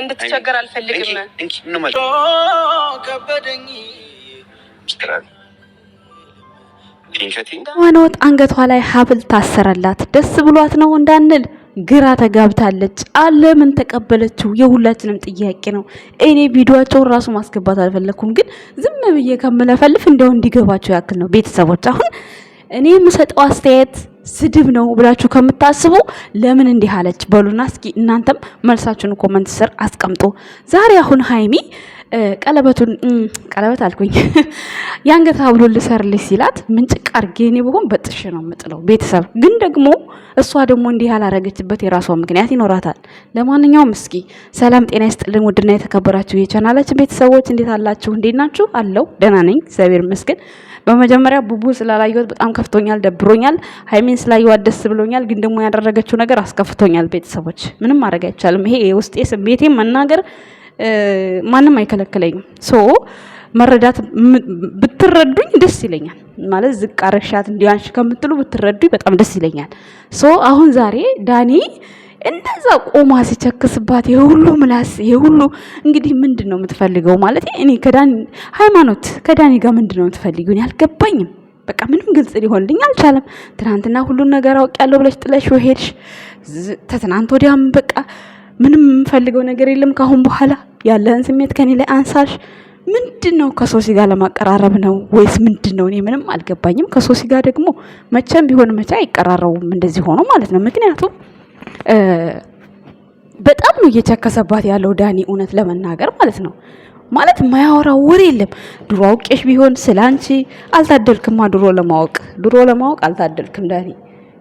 እንድትቸገር አልፈልግም። ዋናወጥ አንገቷ ላይ ሀብል ታሰረላት። ደስ ብሏት ነው እንዳንል ግራ ተጋብታለች። አለምን ተቀበለችው የሁላችንም ጥያቄ ነው። እኔ ቪዲዮዋቸውን ራሱ ማስገባት አልፈለኩም፣ ግን ዝም ብዬ ከምለፈልፍ እንደው እንዲገባቸው ያክል ነው። ቤተሰቦች አሁን እኔ የምሰጠው አስተያየት ስድብ ነው ብላችሁ ከምታስቡ ለምን እንዲህ አለች በሉና እስኪ እናንተም መልሳችሁን ኮመንት ስር አስቀምጡ። ዛሬ አሁን ሀይሚ ቀለበቱን ቀለበት አልኩኝ የአንገት ሀብሉን ልሰርልሽ ሲላት ምንጭቅ አድርጌ እኔ ብሆን በጥሽ ነው የምጥለው። ቤተሰብ ግን ደግሞ እሷ ደግሞ እንዲህ ያላረገችበት የራሷ ምክንያት ይኖራታል። ለማንኛውም እስኪ ሰላም ጤና ይስጥልን ውድና የተከበራችሁ የቻናላችን ቤተሰቦች እንዴት አላችሁ? እንዴት ናችሁ? አለው ደህና ነኝ እግዚአብሔር ይመስገን። በመጀመሪያ ቡቡ ስላላየሁት በጣም ከፍቶኛል፣ ደብሮኛል። ሀይሚን ስላየኋት ደስ ብሎኛል። ግን ደግሞ ያደረገችው ነገር አስከፍቶኛል። ቤተሰቦች ምንም ማድረግ አይቻልም። ይሄ የውስጤ ስሜቴ መናገር ማንም አይከለክለኝም። ሶ መረዳት ብትረዱኝ ደስ ይለኛል። ማለት ዝቅ አረግሻት እንዲያንሽ ከምትሉ ብትረዱኝ በጣም ደስ ይለኛል። ሶ አሁን ዛሬ ዳኒ እንደዛ ቆማ ሲቸክስባት የሁሉ ምላስ የሁሉ እንግዲህ ምንድን ነው የምትፈልገው? ማለት እኔ ከዳኒ ሃይማኖት ከዳኒ ጋር ምንድን ነው የምትፈልጊው? አልገባኝም። በቃ ምንም ግልጽ ሊሆንልኝ አልቻለም። ትናንትና ሁሉን ነገር አውቅ ያለው ብለሽ ጥለሽ ሄድሽ። ተትናንት ወዲያም በቃ ምንም የምፈልገው ነገር የለም ከአሁን በኋላ ያለህን ስሜት ከኔ ላይ አንሳሽ ምንድን ነው ከሶሲ ጋር ለማቀራረብ ነው ወይስ ምንድን ነው? እኔ ምንም አልገባኝም። ከሶሲ ጋር ደግሞ መቼም ቢሆን መቼ አይቀራረቡም እንደዚህ ሆኖ ማለት ነው። ምክንያቱም በጣም ነው እየቸከሰባት ያለው ዳኒ እውነት ለመናገር ማለት ነው። ማለት ማያወራው ወሬ የለም። ድሮ አውቄሽ ቢሆን ስለ አንቺ አልታደልክማ። ድሮ ለማወቅ ድሮ ለማወቅ አልታደልክም ዳኒ።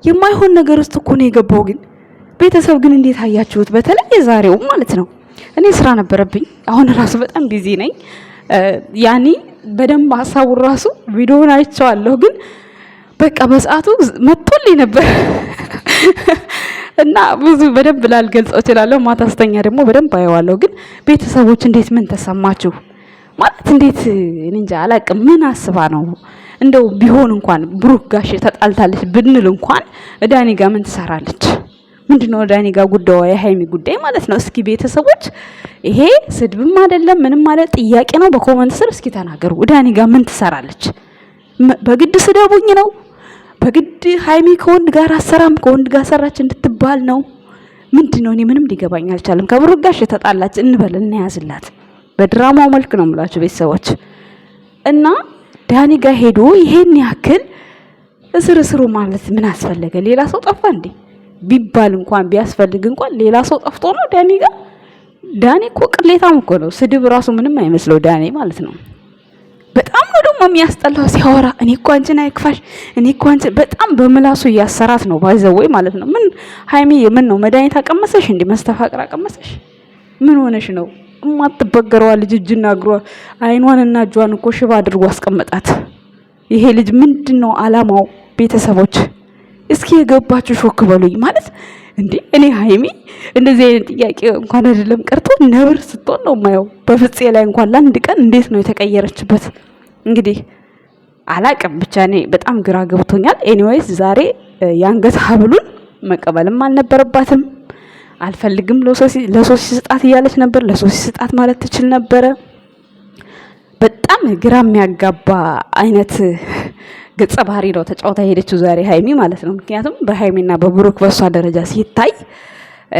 የማይሆን ነገር ውስጥ እኮ ነው የገባው ግን ቤተሰብ ግን እንዴት አያችሁት? በተለይ የዛሬው ማለት ነው። እኔ ስራ ነበረብኝ። አሁን ራሱ በጣም ቢዚ ነኝ። ያኔ በደንብ ሀሳቡ ራሱ ቪዲዮን አይቼዋለሁ፣ ግን በቃ በሰዓቱ መጥቶልኝ ነበር እና ብዙ በደንብ ላልገልጸው እችላለሁ። ማታስተኛ ደግሞ በደንብ አየዋለሁ። ግን ቤተሰቦች እንዴት ምን ተሰማችሁ ማለት እንዴት እንጃ አላቅም። ምን አስባ ነው እንደው ቢሆን እንኳን ብሩክ ጋሽ ተጣልታለች ብንል እንኳን ዳኒ ጋር ምን ትሰራለች? ምንድነው ዳኒ ጋር ጉዳዩ የሀይሚ ጉዳይ ማለት ነው። እስኪ ቤተሰቦች ይሄ ስድብም አይደለም ምንም ማለት ጥያቄ ነው። በኮመንት ስር እስኪ ተናገሩ። ዳኒ ጋር ምን ትሰራለች? በግድ ስደቡኝ ነው? በግድ ሀይሚ ከወንድ ጋር አሰራም ከወንድ ጋር ሰራች እንድትባል ነው? ምንድነው? እኔ ምንም ሊገባኝ አልቻለም። ከብሩክ ጋሽ የተጣላች እንበል እናያዝላት። በድራማው መልክ ነው የምላችሁ ቤተሰቦች እና ዳኒ ጋር ሄዶ ይሄን ያክል እስር እስሩ ማለት ምን አስፈለገ? ሌላ ሰው ጠፋ እንዴ? ቢባል እንኳን ቢያስፈልግ እንኳን ሌላ ሰው ጠፍቶ ነው ዳኒ ጋር። ዳኒ እኮ ቅሌታም እኮ ነው። ስድብ ራሱ ምንም አይመስለው ዳኒ ማለት ነው። በጣም ነው ደግሞ የሚያስጠላው ሲያወራ። እኔ እኮ አንቺን አይክፋሽ፣ እኔ እኮ አንቺን በጣም በምላሱ እያሰራት ነው ባይዘወይ ማለት ነው። ምን ሀይሚ፣ የምን ነው መድኃኒት አቀመሰሽ እንዲ መስተፋቅር አቀመሰሽ? ምን ሆነሽ ነው? እማትበገረዋ ልጅ እጅና እግሯ አይኗንና እጇን እኮ ሽባ አድርጎ አስቀመጣት። ይሄ ልጅ ምንድን ነው አላማው? ቤተሰቦች እስኪ የገባችሁ ሾክ በሉኝ ማለት እንዴ! እኔ ሀይሚ እንደዚህ አይነት ጥያቄ እንኳን አይደለም ቀርቶ ነብር ስትሆን ነው የማየው በፍፄ ላይ እንኳን ለአንድ ቀን እንዴት ነው የተቀየረችበት? እንግዲህ አላቅም። ብቻ እኔ በጣም ግራ ገብቶኛል። ኤኒዌይስ ዛሬ የአንገት ሀብሉን መቀበልም አልነበረባትም። አልፈልግም ለሶሲ ስጣት እያለች ነበር። ለሶሲ ስጣት ማለት ትችል ነበረ። በጣም ግራ የሚያጋባ አይነት ገጸ ባህሪ ነው ተጫውታ የሄደችው ዛሬ ሀይሚ ማለት ነው። ምክንያቱም በሀይሚና በብሩክ በእሷ ደረጃ ሲታይ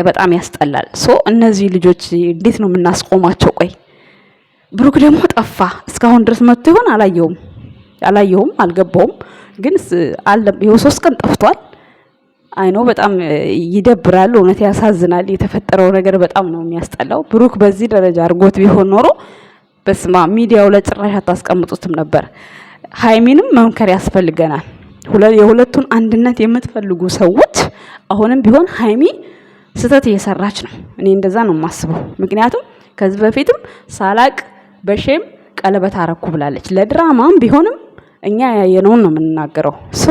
በጣም ያስጠላል። ሶ እነዚህ ልጆች እንዴት ነው የምናስቆማቸው? ቆይ ብሩክ ደግሞ ጠፋ። እስካሁን ድረስ መጥቶ ይሆን አላየውም፣ አላየውም፣ አልገባውም። ግን ይኸው ሶስት ቀን ጠፍቷል። አይኖ በጣም ይደብራል። እውነት ያሳዝናል። የተፈጠረው ነገር በጣም ነው የሚያስጠላው። ብሩክ በዚህ ደረጃ አድርጎት ቢሆን ኖሮ በስማ ሚዲያው ለጭራሽ አታስቀምጡትም ነበር። ሀይሚንም መምከር ያስፈልገናል። የሁለቱን አንድነት የምትፈልጉ ሰዎች አሁንም ቢሆን ሀይሚ ስህተት እየሰራች ነው። እኔ እንደዛ ነው የማስበው። ምክንያቱም ከዚህ በፊትም ሳላቅ በሼም ቀለበት አረኩ ብላለች። ለድራማም ቢሆንም እኛ ያየነውን ነው የምንናገረው። ሶ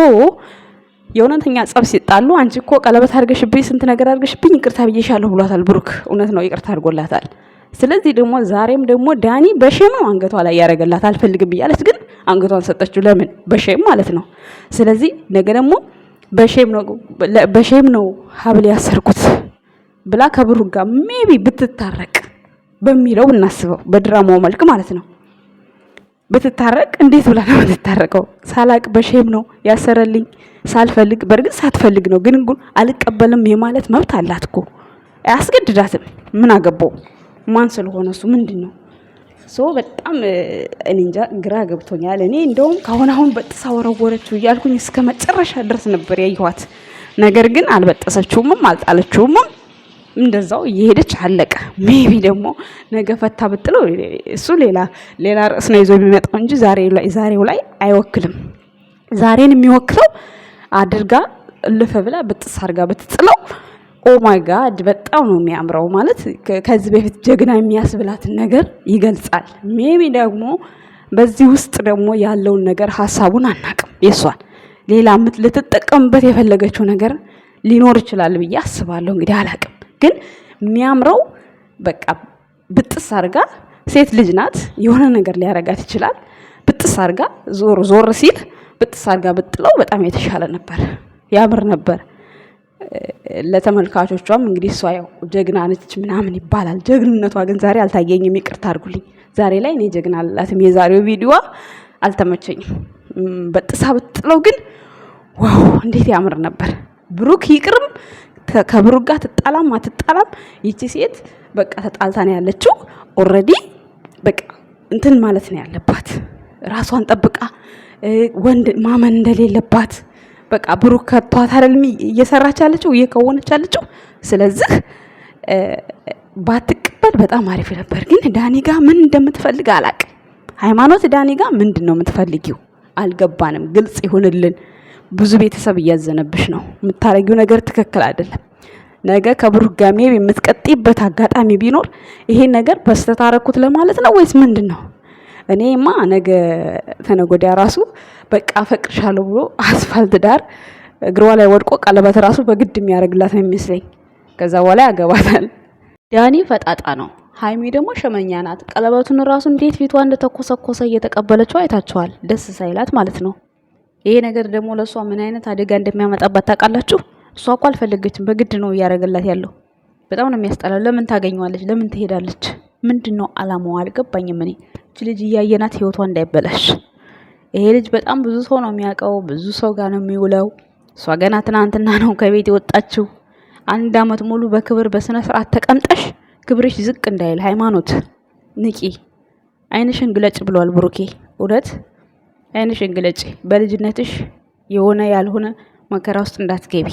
የእውነተኛ ጸብ ሲጣሉ አንቺ እኮ ቀለበት አድርገሽብኝ ስንት ነገር አድርገሽብኝ ይቅርታ ብዬሻለሁ ብሏታል ብሩክ። እውነት ነው ይቅርታ አድርጎላታል። ስለዚህ ደግሞ ዛሬም ደግሞ ዳኒ በሼም ነው አንገቷ ላይ ያደረገላት አልፈልግም ብያለች ግን አንገቷን ሰጠችው። ለምን በሼም ማለት ነው። ስለዚህ ነገ ደግሞ በሼም ነው በሼም ነው ሀብል ያሰርኩት ብላ ከብሩ ጋር ሜቢ ብትታረቅ በሚለው እናስበው፣ በድራማው መልክ ማለት ነው። ብትታረቅ እንዴት ብላ ነው የምትታረቀው? ሳላቅ በሼም ነው ያሰረልኝ ሳልፈልግ። በእርግጥ ሳትፈልግ ነው፣ ግን አልቀበልም የማለት መብት አላት እኮ አያስገድዳትም። ምን አገባው? ማን ስለሆነ እሱ ምንድን ነው ሶ በጣም እንጃ ግራ ገብቶኛል። እኔ እንደውም ካሁን አሁን በጥሳ ወረወረችው እያልኩኝ እስከ መጨረሻ ድረስ ነበር ያየኋት። ነገር ግን አልበጠሰችውምም አልጣለችውምም እንደዛው እየሄደች አለቀ። ሜቢ ደግሞ ነገ ፈታ ብጥለው እሱ ሌላ ሌላ ርዕስ ነው ይዞ የሚመጣው እንጂ ዛሬው ላይ አይወክልም። ዛሬን የሚወክለው አድርጋ እልፍ ብላ ብጥስ አድርጋ ብትጥለው ኦ ማይ ጋድ በጣም ነው የሚያምረው። ማለት ከዚህ በፊት ጀግና የሚያስብላትን ነገር ይገልጻል። ሜቢ ደግሞ በዚህ ውስጥ ደግሞ ያለውን ነገር ሀሳቡን አናቅም። የሷን ሌላ ልትጠቀምበት የፈለገችው ነገር ሊኖር ይችላል ብዬ አስባለሁ። እንግዲህ አላቅም፣ ግን የሚያምረው በቃ ብጥስ አርጋ ሴት ልጅ ናት፣ የሆነ ነገር ሊያረጋት ይችላል። ብጥስ አርጋ ዞር ዞር ሲል ብጥስ አርጋ ብጥለው በጣም የተሻለ ነበር፣ ያምር ነበር። ለተመልካቾቿም እንግዲህ እሷ ያው ጀግና ነች ምናምን ይባላል። ጀግንነቷ ግን ዛሬ አልታየኝም፣ ይቅርታ አድርጉልኝ። ዛሬ ላይ እኔ ጀግና አላትም። የዛሬው ቪዲዮዋ አልተመቸኝም። በጥሳ ብጥለው ግን ዋው እንዴት ያምር ነበር። ብሩክ ይቅርም ከብሩክ ጋር ትጣላም አትጣላም፣ ይቺ ሴት በቃ ተጣልታ ነው ያለችው። ኦልሬዲ በቃ እንትን ማለት ነው ያለባት ራሷን ጠብቃ ወንድ ማመን እንደሌለባት በቃ ብሩክ ከቷት አይደልም እየሰራች ያለችው እየከወነች ያለችው። ስለዚህ ባትቀበል በጣም አሪፍ ነበር። ግን ዳኒ ጋ ምን እንደምትፈልግ አላቅ ሃይማኖት ዳኒ ጋ ምንድን ነው የምትፈልጊው? አልገባንም። ግልጽ ይሁንልን። ብዙ ቤተሰብ እያዘነብሽ ነው። የምታረጊው ነገር ትክክል አይደለም። ነገ ከብሩክ ጋሜ የምትቀጤበት አጋጣሚ ቢኖር ይሄን ነገር በስተት አረኩት ለማለት ነው ወይስ ምንድን ነው? እኔማ ነገ ተነገ ራሱ በቃ አፈቅርሻለሁ ብሎ አስፋልት ዳር እግሯ ላይ ወድቆ ቀለበት ራሱ በግድ የሚያደርግላት ነው የሚመስለኝ። ከዛ በኋላ ያገባታል። ዳኒ ፈጣጣ ነው፣ ሀይሚ ደግሞ ሸመኛ ናት። ቀለበቱን ራሱ እንዴት ፊቷ እንደተኮሰኮሰ እየተቀበለችው አይታችኋል። ደስ ሳይላት ማለት ነው። ይሄ ነገር ደግሞ ለእሷ ምን አይነት አደጋ እንደሚያመጣባት ታውቃላችሁ? እሷ እኮ አልፈለገችም፣ በግድ ነው እያደረገላት ያለው። በጣም ነው የሚያስጠላው። ለምን ታገኘዋለች? ለምን ትሄዳለች? ምንድን ነው አላማዋ? አልገባኝም። እኔ እች ልጅ እያየናት ህይወቷ እንዳይበላሽ። ይሄ ልጅ በጣም ብዙ ሰው ነው የሚያውቀው፣ ብዙ ሰው ጋር ነው የሚውለው። እሷ ገና ትናንትና ነው ከቤት የወጣችው። አንድ አመት ሙሉ በክብር በስነ ስርዓት ተቀምጠሽ ክብርሽ ዝቅ እንዳይል ሃይማኖት ንቂ። አይንሽን ግለጭ ብሏል ብሩኬ። እውነት አይንሽን ግለጭ። በልጅነትሽ የሆነ ያልሆነ መከራ ውስጥ እንዳትገቢ።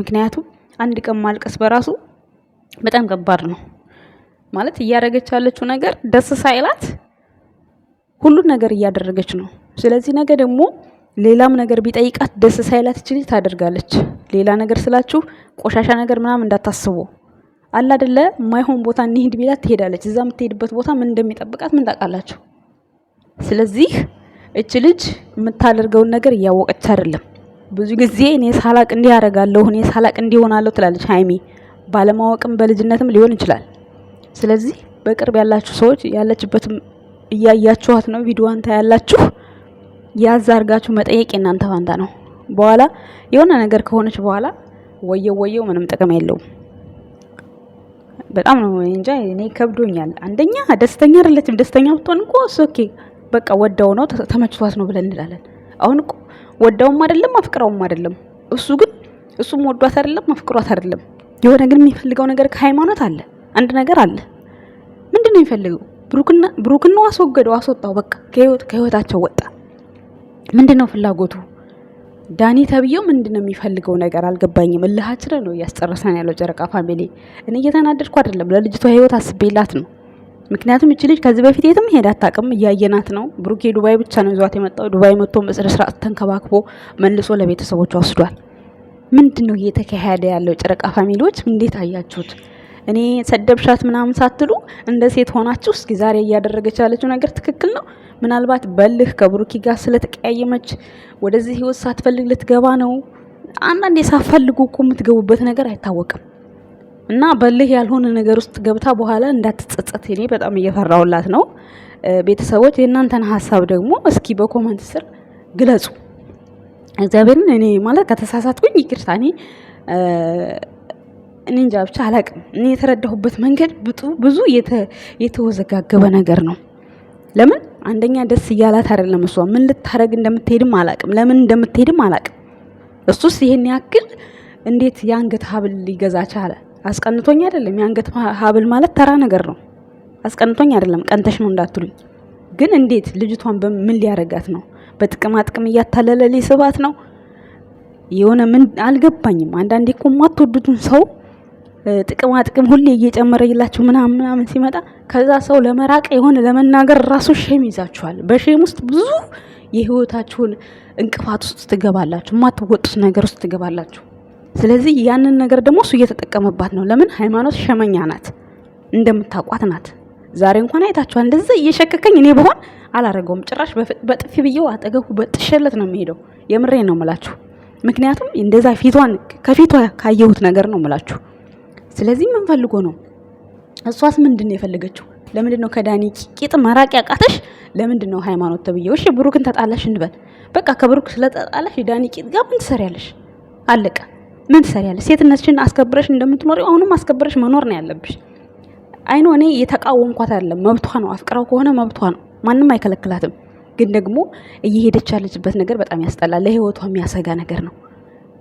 ምክንያቱም አንድ ቀን ማልቀስ በራሱ በጣም ከባድ ነው። ማለት እያደረገች ያለችው ነገር ደስ ሳይላት ሁሉን ነገር እያደረገች ነው። ስለዚህ ነገ ደግሞ ሌላም ነገር ቢጠይቃት ደስ ሳይላት ይችል ታደርጋለች። ሌላ ነገር ስላችሁ ቆሻሻ ነገር ምናምን እንዳታስቡ። አላ አይደለ ማይሆን ቦታ እንሂድ ቢላት ትሄዳለች። እዛ የምትሄድበት ቦታ ምን እንደሚጠብቃት ምን ታውቃላችሁ? ስለዚህ እች ልጅ የምታደርገውን ነገር እያወቀች አይደለም። ብዙ ጊዜ እኔ ሳላቅ እንዲህ አደርጋለሁ፣ እኔ ሳላቅ እንዲሆናለሁ ትላለች። ሀይሚ ባለማወቅም በልጅነትም ሊሆን ይችላል። ስለዚህ በቅርብ ያላችሁ ሰዎች ያለችበትም እያያችኋት ነው፣ ቪዲዮዋን ታያላችሁ። ያዝ አድርጋችሁ መጠየቅ የእናንተ ፋንታ ነው። በኋላ የሆነ ነገር ከሆነች በኋላ ወየው ወየው ምንም ጥቅም የለውም። በጣም ነው እንጃ እኔ ከብዶኛል። አንደኛ ደስተኛ አይደለችም። ደስተኛ ብትሆን እኮ ኦኬ በቃ ወዳው ነው ተመችቷት ነው ብለን እንላለን። አሁን እኮ ወዳውም አይደለም አፍቅራውም አይደለም። እሱ ግን እሱም ወዷት አይደለም አፍቅሯት አይደለም። የሆነ ግን የሚፈልገው ነገር ከሃይማኖት አለ አንድ ነገር አለ። ምንድን ነው የሚፈልገው? ብሩክን ነው አስወገደው፣ አስወጣው። በቃ ከህይወታቸው ወጣ። ምንድን ነው ፍላጎቱ? ዳኒ ተብዬው ምንድን ነው የሚፈልገው ነገር አልገባኝም። እልሃችንን ነው እያስጨረሰን ያለው ጨረቃ ፋሚሊ። እኔ እየተናደድኩ አይደለም፣ ለልጅቷ ህይወት አስቤላት ነው። ምክንያቱም እች ልጅ ከዚህ በፊት የትም ሄዳ አታውቅም፣ እያየናት ነው። ብሩክ ዱባይ ብቻ ነው ይዟት የመጣው። ዱባይ መጥቶ በስነ ተንከባክቦ መልሶ ለቤተሰቦቿ ወስዷል። ምንድን ነው እየተካሄደ ያለው? ጨረቃ ፋሚሊዎች እንዴት አያችሁት? እኔ ሰደብሻት ምናምን ሳትሉ እንደ ሴት ሆናችሁ እስኪ ዛሬ እያደረገች ያለችው ነገር ትክክል ነው? ምናልባት በልህ ከብሩኪ ጋር ስለተቀያየመች ወደዚህ ህይወት ሳትፈልግ ልትገባ ነው። አንዳንዴ ሳትፈልጉ እኮ የምትገቡበት ነገር አይታወቅም። እና በልህ ያልሆነ ነገር ውስጥ ገብታ በኋላ እንዳትጸጸት እኔ በጣም እየፈራሁላት ነው። ቤተሰቦች የእናንተን ሀሳብ ደግሞ እስኪ በኮመንት ስር ግለጹ። እግዚአብሔርን እኔ ማለት ከተሳሳትኩኝ ይቅርታ እኔ እኔ እንጃ ብቻ አላቅም። እኔ የተረዳሁበት መንገድ ብዙ የተወዘጋገበ ነገር ነው። ለምን አንደኛ ደስ እያላት አይደለም። እሷ ምን ልታረግ እንደምትሄድም አላቅም፣ ለምን እንደምትሄድም አላቅም። እሱስ ይሄን ያክል እንዴት የአንገት ሀብል ሊገዛ ቻለ? አስቀንቶኝ አይደለም። የአንገት ሀብል ማለት ተራ ነገር ነው። አስቀንቶኝ አይደለም፣ ቀንተሽ ነው እንዳትሉኝ። ግን እንዴት ልጅቷን በምን ሊያረጋት ነው? በጥቅማ ጥቅም እያታለለ ሊስባት ነው? የሆነ ምን አልገባኝም። አንዳንዴ እኮ የማትወዱትን ሰው ጥቅማ ጥቅም ሁሌ እየጨመረ ይላችሁ ምናምን ምናምን ሲመጣ ከዛ ሰው ለመራቅ የሆነ ለመናገር ራሱ ሼም ይዛችኋል። በሼም ውስጥ ብዙ የህይወታችሁን እንቅፋት ውስጥ ትገባላችሁ፣ የማትወጡት ነገር ውስጥ ትገባላችሁ። ስለዚህ ያንን ነገር ደግሞ እሱ እየተጠቀመባት ነው። ለምን ሃይማኖት ሸመኛ ናት፣ እንደምታውቋት ናት። ዛሬ እንኳን አይታችኋል። እንደዛ እየሸከከኝ እኔ በሆን አላረገውም። ጭራሽ በጥፊ ብዬው አጠገቡ በጥሸለት ነው የሚሄደው። የምሬ ነው ምላችሁ። ምክንያቱም እንደዛ ፊቷን ከፊቷ ካየሁት ነገር ነው ምላችሁ ስለዚህ ምን ፈልጎ ነው? እሷስ ምንድን ነው የፈለገችው? ለምንድን ነው ከዳኒ ቂጥ መራቅ ያቃተሽ? ለምንድን ነው ሃይማኖት ተብዬው? እሺ ብሩክን ተጣላሽ እንበል፣ በቃ ከብሩክ ስለተጣላሽ የዳኒ ቂጥ ጋር ምን ትሰሪያለሽ? አለቀ። ምን ትሰሪያለሽ? ሴትነትሽን አስከብረሽ እንደምትኖሪው አሁንም አስከብረሽ መኖር ነው ያለብሽ። አይኖ እኔ የተቃወምኳት አይደለም፣ መብቷ ነው። አፍቅራው ከሆነ መብቷ ነው፣ ማንም አይከለክላትም። ግን ደግሞ እየሄደች ያለችበት ነገር በጣም ያስጠላል። ለህይወቷ የሚያሰጋ ነገር ነው።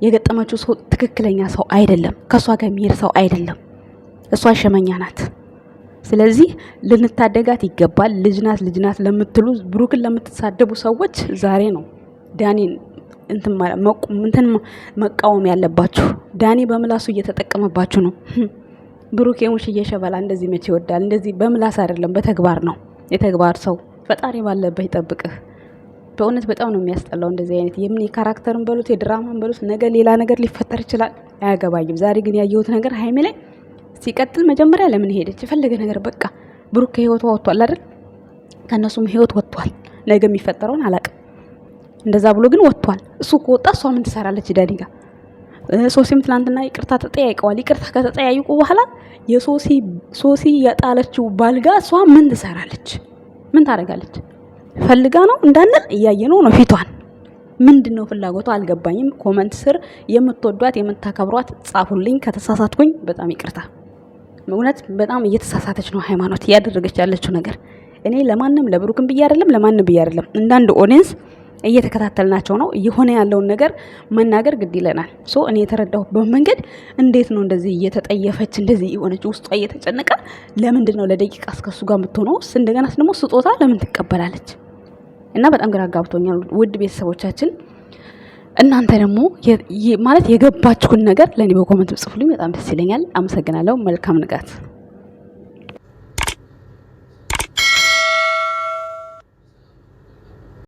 የገጠመችው ሰው ትክክለኛ ሰው አይደለም፣ ከእሷ ጋር የሚሄድ ሰው አይደለም። እሷ ሸመኛ ናት። ስለዚህ ልንታደጋት ይገባል። ልጅናት ልጅናት ለምትሉ ብሩክን ለምትሳደቡ ሰዎች ዛሬ ነው ዳኒን እንትን መቃወም ያለባችሁ። ዳኒ በምላሱ እየተጠቀመባችሁ ነው። hm። ብሩክ የሙሽ እየሸበላ እንደዚህ መቼ ይወዳል? እንደዚህ በምላስ አይደለም በተግባር ነው። የተግባር ሰው ፈጣሪ ባለበት ይጠብቅህ። በእውነት በጣም ነው የሚያስጠላው። እንደዚህ አይነት የምን የካራክተርን በሉት የድራማን በሉት ነገ ሌላ ነገር ሊፈጠር ይችላል። አያገባኝም። ዛሬ ግን ያየሁት ነገር ሀይሜ ላይ ሲቀጥል መጀመሪያ ለምን ሄደች? የፈለገ ነገር በቃ ብሩክ ከህይወቱ ወጥቷል አይደል? ከእነሱም ህይወት ወጥቷል። ነገ የሚፈጠረውን አላቅም። እንደዛ ብሎ ግን ወጥቷል። እሱ ከወጣ እሷ ምን ትሰራለች? ዳኒ ጋር ሶሲም ትላንትና ይቅርታ ተጠያይቀዋል። ይቅርታ ከተጠያይቁ በኋላ የሶሲ ሶሲ የጣለችው ባልጋ እሷ ምን ትሰራለች? ምን ታደርጋለች? ፈልጋ ነው እንዳንል እያየ ነው ፊቷን። ምንድን ነው ፍላጎቷ አልገባኝም። ኮመንት ስር የምትወዷት የምታከብሯት ጻፉልኝ። ከተሳሳትኩኝ በጣም ይቅርታ። እውነት በጣም እየተሳሳተች ነው ሃይማኖት እያደረገች ያለችው ነገር። እኔ ለማንም ለብሩክም ብዬ አይደለም ለማንም ብዬ አይደለም እንዳንድ ኦዲንስ? እየተከታተልናቸው ነው። እየሆነ ያለውን ነገር መናገር ግድ ይለናል። ሶ እኔ የተረዳሁበት መንገድ እንዴት ነው እንደዚህ እየተጠየፈች እንደዚህ የሆነች ውስጧ እየተጨነቀ ለምንድን ነው ለደቂቃ እስከሱ ጋር የምትሆነው? እንደገና ደግሞ ስጦታ ለምን ትቀበላለች? እና በጣም ግራ አጋብቶኛል። ውድ ቤተሰቦቻችን እናንተ ደግሞ ማለት የገባችሁን ነገር ለእኔ በኮመንት ጽፉልኝ። በጣም ደስ ይለኛል። አመሰግናለሁ። መልካም ንጋት